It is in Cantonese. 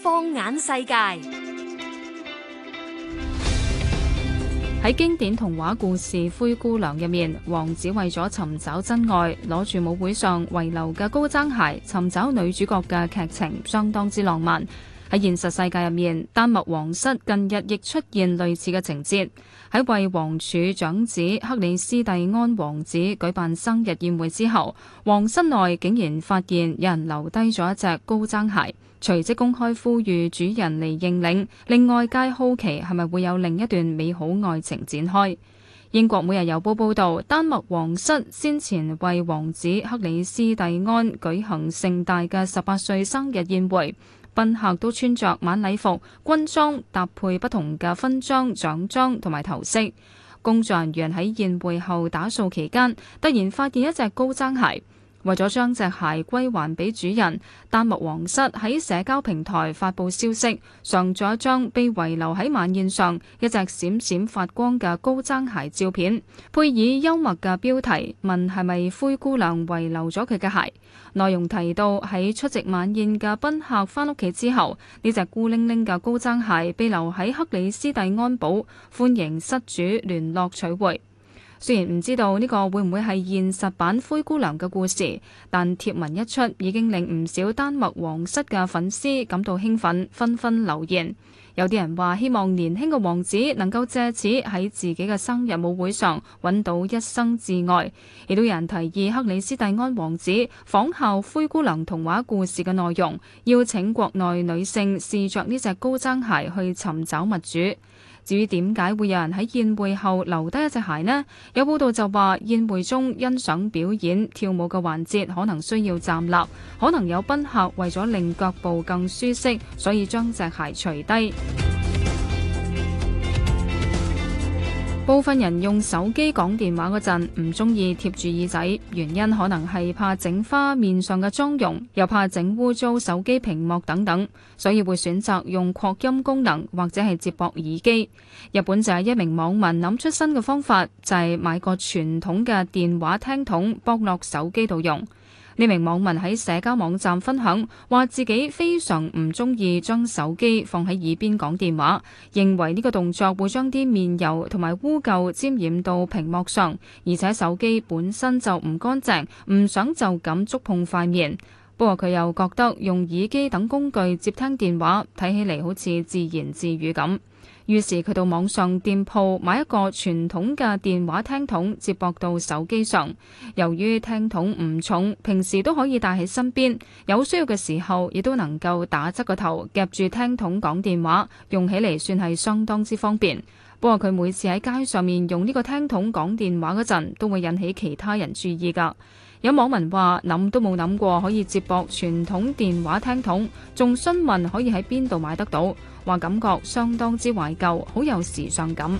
放眼世界，喺經典童話故事《灰姑娘》入面，王子為咗尋找真愛，攞住舞會上遺留嘅高踭鞋尋找女主角嘅劇情，相當之浪漫。喺現實世界入面，丹麥皇室近日亦出現類似嘅情節。喺為皇儲長子克里斯蒂安王子舉辦生日宴會之後，皇室內竟然發現有人留低咗一隻高踭鞋，隨即公開呼籲主人嚟認領，令外界好奇係咪會有另一段美好愛情展開。英國每日郵報報道，丹麥皇室先前為王子克里斯蒂安舉行盛大嘅十八歲生日宴會。賓客都穿着晚禮服、軍裝，搭配不同嘅分裝、獎章同埋頭飾。工作人員喺宴會後打掃期間，突然發現一隻高踭鞋。為咗將隻鞋歸還俾主人，丹麥皇室喺社交平台發布消息，上咗一張被遺留喺晚宴上一隻閃閃發光嘅高踭鞋照片，配以幽默嘅標題問係咪灰姑娘遺留咗佢嘅鞋。內容提到喺出席晚宴嘅賓客返屋企之後，呢隻孤零零嘅高踭鞋被留喺克里斯蒂安堡。歡迎失主聯絡取回。雖然唔知道呢個會唔會係現實版灰姑娘嘅故事，但貼文一出已經令唔少丹麥皇室嘅粉絲感到興奮，紛紛留言。有啲人話希望年輕嘅王子能夠借此喺自己嘅生日舞會上揾到一生至愛。亦都有人提議克里斯蒂安王子仿效灰姑娘童話故事嘅內容，邀請國內女性試着呢隻高踭鞋去尋找物主。至於點解會有人喺宴會後留低一隻鞋呢？有報道就話宴會中欣賞表演跳舞嘅環節可能需要站立，可能有賓客為咗令腳步更舒適，所以將隻鞋除低。部分人用手機講電話嗰陣唔中意貼住耳仔，原因可能係怕整花面上嘅妝容，又怕整污糟手機屏幕等等，所以會選擇用擴音功能或者係接駁耳機。日本就係一名網民諗出新嘅方法，就係買個傳統嘅電話聽筒，駁落手機度用。呢名網民喺社交網站分享，話自己非常唔中意將手機放喺耳邊講電話，認為呢個動作會將啲面油同埋污垢沾染到屏幕上，而且手機本身就唔乾淨，唔想就咁觸碰塊面。不過佢又覺得用耳機等工具接聽電話，睇起嚟好似自言自語咁。於是佢到網上店鋪買一個傳統嘅電話聽筒，接駁到手機上。由於聽筒唔重，平時都可以帶喺身邊，有需要嘅時候亦都能夠打側個頭夾住聽筒講電話，用起嚟算係相當之方便。不過佢每次喺街上面用呢個聽筒講電話嗰陣，都會引起其他人注意㗎。有網民話：諗都冇諗過可以接駁傳統電話聽筒，仲詢問可以喺邊度買得到，話感覺相當之懷舊，好有時尚感。